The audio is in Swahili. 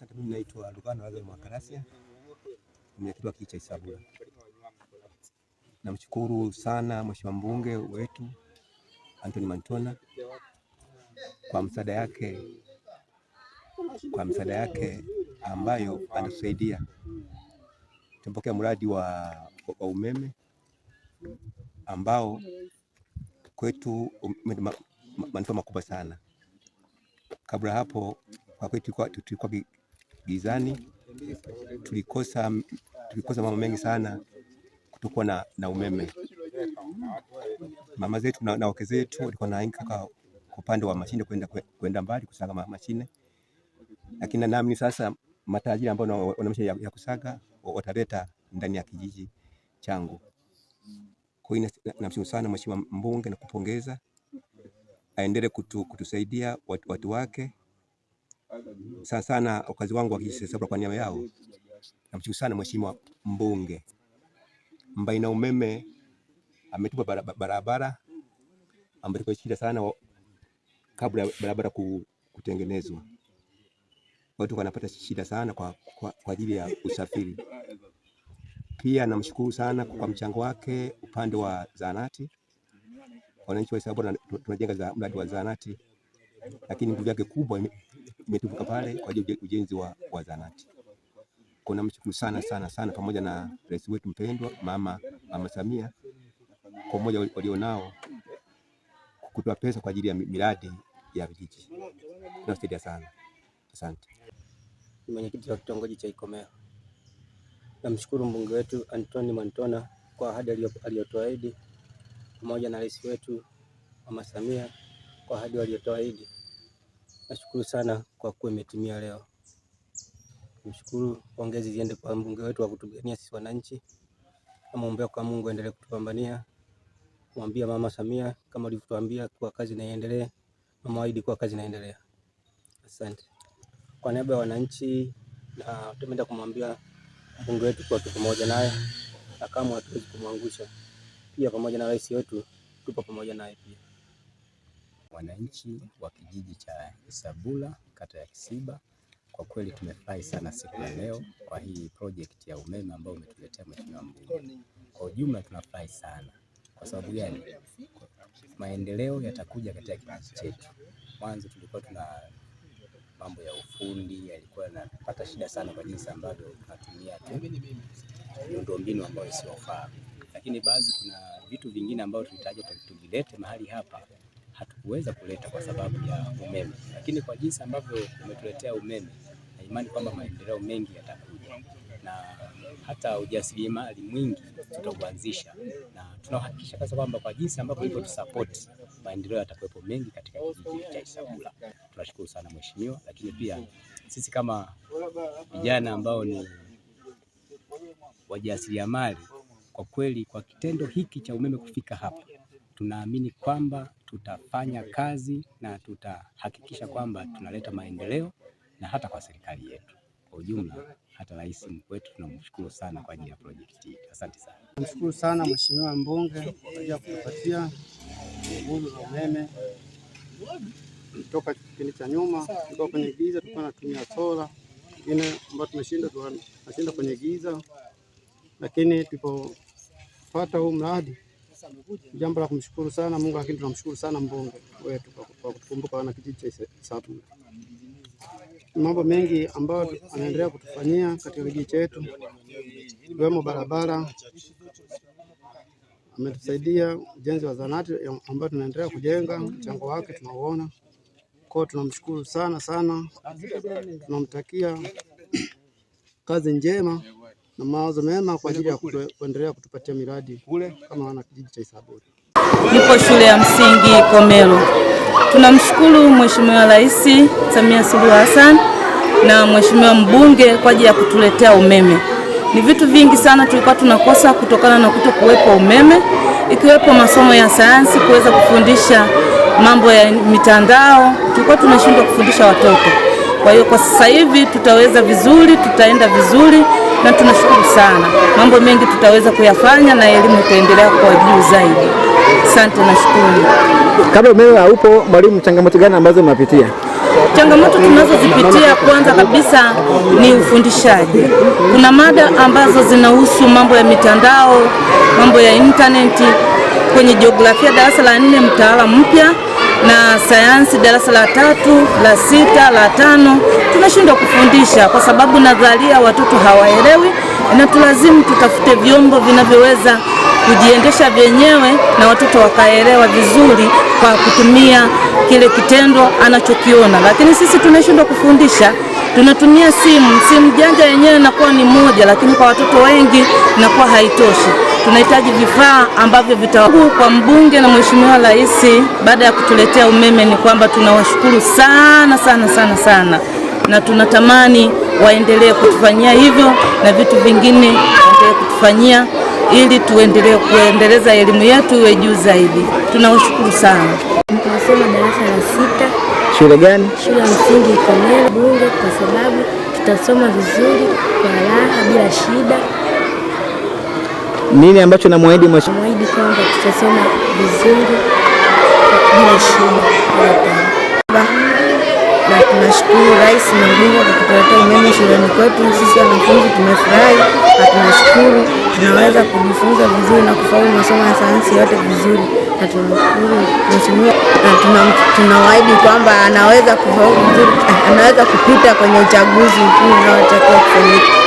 Asante, mimi naitwa Lugano Lazaro Mwakalasia, mwenyekiti wa kijiji cha Isabula. Namshukuru sana mheshimiwa mbunge wetu Anthony Mantona kwa msaada yake kwa msaada yake ambayo anatusaidia. tumpokea mradi wa, wa umeme ambao kwetu manufaa makubwa sana. Kabla hapo kwa kweli tulikuwa gizani, tulikosa tulikosa mambo mengi sana, kutokuwa na, na umeme. Mama zetu na, na wake zetu walikuwa nahangaika kwa upande wa mashine kwenda kwenda mbali kusaga mashine, lakini naamini sasa matajiri ambao wana mashine ya, ya kusaga wataleta ndani ya kijiji changu. Kwa hiyo namshukuru sana mheshimiwa mbunge na kupongeza, aendelee kutu, kutusaidia watu, watu wake sana sana wakazi wangu wa kwa niaba yao namshukuru sana mheshimiwa mbunge ambaye na umeme ametupa barabara ambayo ilikuwa shida sana kabla barabara kutengenezwa, watu wanapata shida sana kwa, kwa, ajili ya usafiri. Pia namshukuru sana kwa mchango wake upande wa zahanati. Wananchi wa Isabora tunajenga mradi wa zahanati, lakini nguvu yake kubwa imetumika pale kwa ajili ya ujenzi wa, wa zahanati. mshukuru sana sana sana pamoja na rais wetu mpendwa mama, mama Samia kwa umoja walionao kutoa pesa kwa ajili ya miradi ya vijiji inasaidia sana. Asante. Ni mwenyekiti wa kitongoji cha Ikomeo. Namshukuru mbunge wetu Antoni Mantona kwa ahadi aliyotoahidi pamoja na rais wetu mama Samia kwa ahadi waliotoahidi. Nashukuru sana kwa kuwa imetimia leo. Nashukuru, pongezi ziende kwa mbunge wetu wa kutupigania sisi wananchi. Namuombea kwa Mungu aendelee kutupambania. Mwambia Mama Samia kama ulivyotuambia kwa kazi inaendelea, mamaahidi kwa kazi inaendelea. Asante kwa niaba ya wananchi, na tumeenda kumwambia mbunge wetu kwa kitu pamoja naye na kama hatuwezi kumwangusha, pia pamoja na rais wetu tupo pamoja naye pia. Wananchi wa kijiji cha Isabula kata ya Kisiba, kwa kweli tumefurahi sana siku ya leo kwa hii project ya umeme ambayo umetuletea mheshimiwa mbunge. Kwa ujumla tunafurahi sana. Kwa sababu gani? Maendeleo yatakuja katika kijiji chetu. Mwanzo tulikuwa tuna mambo ya ufundi yalikuwa yanapata shida sana kwa jinsi ambavyo tunatumia tu miundombinu ambayo isiyofaa, lakini baadhi kuna vitu vingine ambavyo tulitakiwa tuvilete mahali hapa hatukuweza kuleta kwa sababu ya umeme, lakini kwa jinsi ambavyo umetuletea umeme na imani kwamba maendeleo mengi yatakuja na hata ujasiriamali mwingi tutauanzisha, na tunahakikisha kabisa kwamba kwa jinsi ambavyo ulivyotusapoti maendeleo yatakuwepo mengi katika kijiji cha Isabula. Tunashukuru sana mheshimiwa, lakini pia sisi kama vijana ambao ni wajasiriamali, kwa kweli kwa kitendo hiki cha umeme kufika hapa tunaamini kwamba tutafanya kazi na tutahakikisha kwamba tunaleta maendeleo na hata kwa serikali yetu kwa ujumla, hata rais wetu tunamshukuru sana kwa ajili ya project hii. Asante sana. Namshukuru sana Mheshimiwa Mbunge kwa ajili ya kutupatia nguvu za umeme toka kipindi cha nyuma, tulikuwa kwenye giza, tulikuwa tunatumia sola ingine ambayo tumeshinda tunashinda kwenye giza, lakini tulipopata huu mradi Jambo la kumshukuru sana Mungu, lakini tunamshukuru sana mbunge wetu kwa kutukumbuka wana kijiji cha Isabula. Mambo mengi ambayo anaendelea kutufanyia katika kijiji chetu ikiwemo barabara, ametusaidia ujenzi wa zanati ambayo tunaendelea kujenga, mchango wake tunauona. Kwa tunamshukuru sana sana, tunamtakia kazi njema na mawazo mema kwa ajili ya kuendelea kutupatia miradi kama wana kijiji cha Isaburi. Nipo shule ya msingi Komelo. Tunamshukuru Mheshimiwa Rais Samia Suluhu Hassan na Mheshimiwa mbunge kwa ajili ya kutuletea umeme. Ni vitu vingi sana tulikuwa tunakosa kutokana na kuto kuwepo umeme, ikiwepo masomo ya sayansi, kuweza kufundisha mambo ya mitandao, tulikuwa tunashindwa kufundisha watoto. Kwa hiyo kwa sasa hivi tutaweza vizuri, tutaenda vizuri na tunashukuru sana. Mambo mengi tutaweza kuyafanya na elimu itaendelea kwa juu zaidi. Asante, nashukuru. Kabla umeme haupo, mwalimu, changamoto gani ambazo mnapitia? Changamoto tunazozipitia kwanza kabisa ni ufundishaji. Kuna mada ambazo zinahusu mambo ya mitandao, mambo ya intaneti. Kwenye jiografia darasa la nne, mtaala mpya na sayansi darasa la tatu, la sita, la tano tunashindwa kufundisha kwa sababu nadharia watoto hawaelewi, na tulazimu tutafute vyombo vinavyoweza kujiendesha vyenyewe na watoto wakaelewa vizuri kwa kutumia kile kitendo anachokiona, lakini sisi tunashindwa kufundisha. Tunatumia simu, simu janja yenyewe inakuwa ni moja, lakini kwa watoto wengi inakuwa haitoshi tunahitaji vifaa ambavyo vitawaku Kwa mbunge na mheshimiwa rais baada ya kutuletea umeme, ni kwamba tunawashukuru sana sana sana sana, na tunatamani waendelee kutufanyia hivyo na vitu vingine waendelee kutufanyia ili tuendelee kuendeleza elimu yetu iwe juu zaidi. Tunawashukuru sana. Tunasoma darasa la sita. Shule gani? Shule ya msingi Ikomela. Bunge kwa sababu tutasoma vizuri kwa raha bila shida. Nini ambacho namwahidi mheshimiwa? Namwahidi kwamba tutasoma vizuri bila shida. Na tunashukuru Rais Mwigulu kwa kutuletea umeme shuleni kwetu. Sisi wanafunzi tumefurahi na tunashukuru, tunaweza kujifunza vizuri na kufaulu masomo ya sayansi yote vizuri, na tunashukuru mheshimiwa, na tunawaahidi kwamba anaweza kufaulu vizuri, anaweza kupita kwenye uchaguzi mkuu unaotakiwa kufanyika.